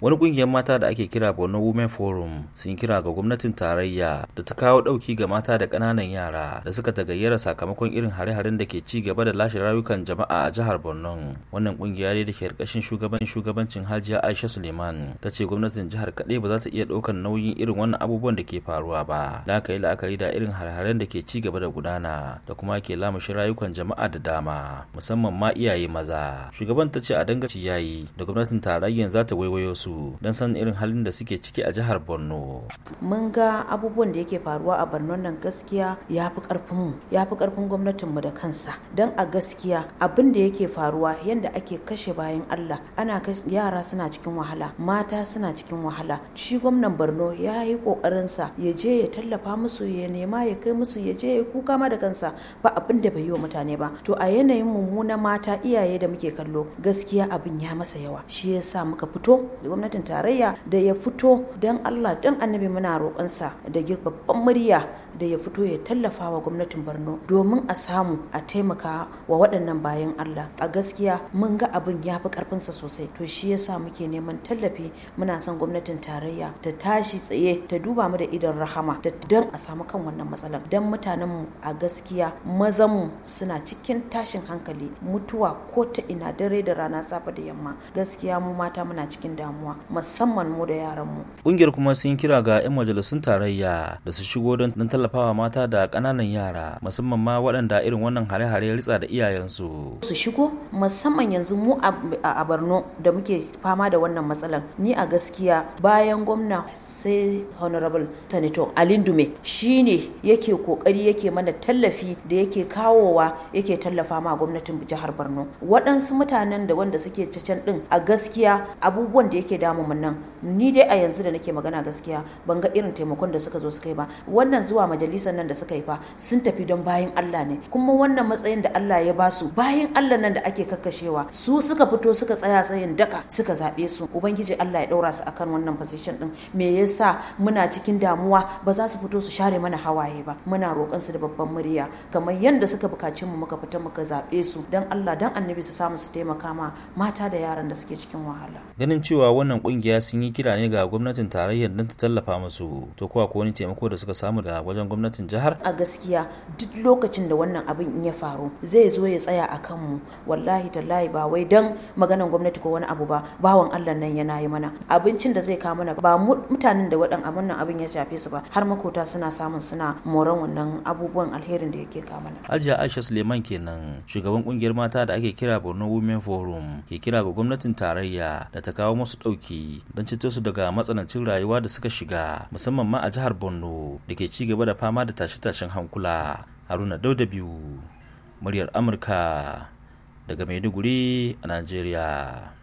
wani kungiyar mata da ake kira borno women forum sun kira ga gwamnatin tarayya da ta kawo dauki ga mata da kananan yara da suka tagayyara sakamakon irin hare-haren da ke ci gaba da lashe rayukan jama'a a jihar borno wannan kungiya ne da ke karkashin shugaban shugabancin hajiya aisha suleiman ta ce gwamnatin jihar kaɗai ba za ta iya ɗaukar nauyin irin wannan abubuwan da ke faruwa ba da aka yi la'akari da irin hare-haren da ke ci gaba da gudana da kuma ke lamushi rayukan jama'a da dama musamman ma iyaye maza shugaban ta ce a dangaci yayi da gwamnatin tarayyan za ta waiwayo su su don san irin halin da suke ciki a jihar borno mun ga abubuwan da yake faruwa a borno nan gaskiya ya fi karfin mu ya fi karfin gwamnatin mu da kansa don a gaskiya abin da yake faruwa yadda ake kashe bayan allah ana yara suna cikin wahala mata suna cikin wahala shi gwamnan borno ya yi sa ya je ya tallafa musu ya nema ya kai musu ya je ya kuka ma da kansa ba abin da bai yi wa mutane ba to a yanayin na mata iyaye da muke kallo gaskiya abin ya masa yawa shi yasa muka fito gwamnatin tarayya da ya fito don Allah don annabi muna roƙonsa da girbabban murya da ya fito ya tallafa wa gwamnatin Borno domin a samu a taimaka wa waɗannan bayan Allah a gaskiya mun ga abin ya fi ƙarfinsa sosai to shi yasa muke neman tallafi muna son gwamnatin tarayya ta tashi tsaye ta duba mu da idon rahama don a samu kan wannan matsalar don mutanenmu a gaskiya mazanmu suna cikin tashin hankali mutuwa ko ta ina dare da rana safe da yamma gaskiya mu mata muna cikin damuwa damuwa musamman mu da yaranmu. Ƙungiyar kuma sun kira ga 'yan majalisun tarayya da su shigo don tallafawa mata da ƙananan yara musamman ma waɗanda irin wannan hare-hare ritsa da iyayensu. Su shigo musamman yanzu mu a Borno da muke fama da wannan matsalan ni a gaskiya bayan gwamna sai honorable senator Alindume ne yake kokari yake mana tallafi da yake kawowa yake tallafa ma gwamnatin jihar Borno. Waɗansu mutanen da wanda suke cacan ɗin a gaskiya abubuwan da yake yake damu mun nan ni dai a yanzu da nake magana gaskiya ban ga irin taimakon da suka zo suka yi ba wannan zuwa majalisar nan da suka yi fa sun tafi don bayan Allah ne kuma wannan matsayin da Allah ya basu bayan Allah nan da ake kakkashewa su suka fito suka tsaya tsayin daka suka zaɓe su ubangiji Allah ya ɗaura su akan wannan position din me yasa muna cikin damuwa ba za su fito su share mana hawaye ba muna roƙon su da babban murya kamar yadda suka bukaci mu muka fita muka zaɓe su don Allah dan annabi su samu su taimaka ma mata da yaran da suke cikin wahala ganin cewa wannan kungiya sun yi kira ne ga gwamnatin tarayyar don ta tallafa musu to kuwa ko wani taimako da suka samu da wajen gwamnatin jihar a gaskiya duk lokacin da wannan abin in ya faru zai zo ya tsaya a kanmu wallahi tallahi ba wai dan maganan gwamnati ko wani abu ba bawan Allah nan yana yi mana abincin da zai kawo mana ba mutanen da waɗan abin nan abin ya shafe su ba har makota suna samun suna moran wannan abubuwan alherin da yake kawo mana Hajiya Aisha Suleiman kenan shugaban kungiyar mata da ake kira Borno Women Forum ke kira ga gwamnatin tarayya da ta kawo musu ɗauki ke don ceto su daga matsanancin rayuwa da suka shiga musamman ma a jihar borno da ke ci gaba da fama da tashe-tashen hankula haruna dauda biyu muryar amurka daga maiduguri a najeriya